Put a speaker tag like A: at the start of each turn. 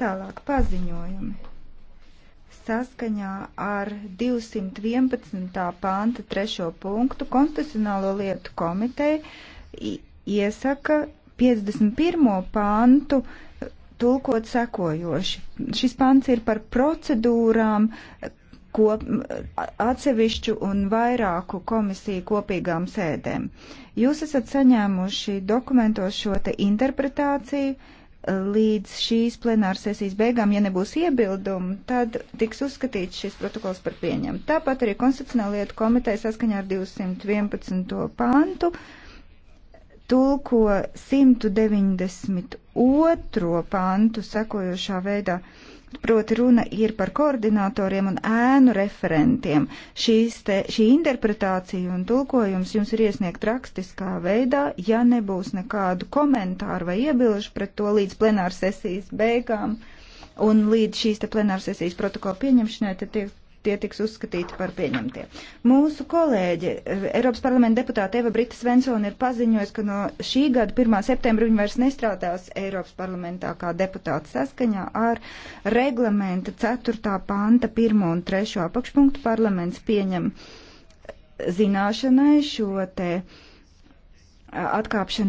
A: Tālāk paziņojumi. Saskaņā ar 211. panta trešo punktu Konstitucionālo lietu komiteja iesaka 51. pantu eh, tulkot sekojoši. Šis pants ir par procedūrām, eh, ko eh, atsevišķu un vairāku komisiju kopīgām sēdēm. Jūs esat saņēmuši dokumentos šo te interpretāciju, līdz šīs plenāras sesijas beigām, ja nebūs iebildumi, tad tiks uzskatīts šis protokols par pieņemtu. Tāpat arī Konstitucionālietu komiteja saskaņā ar 211. pantu tulko 192. pantu sekojošā veidā. Proti runa ir par koordinatoriem un ēnu referentiem. Šīs te, šī interpretācija un tulkojums jums ir iesniegt rakstiskā veidā, ja nebūs nekādu komentāru vai iebilžu pret to līdz plenāra sesijas beigām un līdz šīs te plenāra sesijas protokola pieņemšanai, tad tiek tie tiks uzskatīti par pieņemtiem. Mūsu kolēģi, eh, Eiropas parlamenta deputāte Eva Brita Svensona ir paziņojusi, ka no šī gada 1. septembra viņa vairs nestrādās Eiropas parlamentā kā deputāta saskaņā ar reglamenta 4. panta 1 un 3. apakšpunktu parlaments pieņem zināšanai šo te eh, atkāpšanu.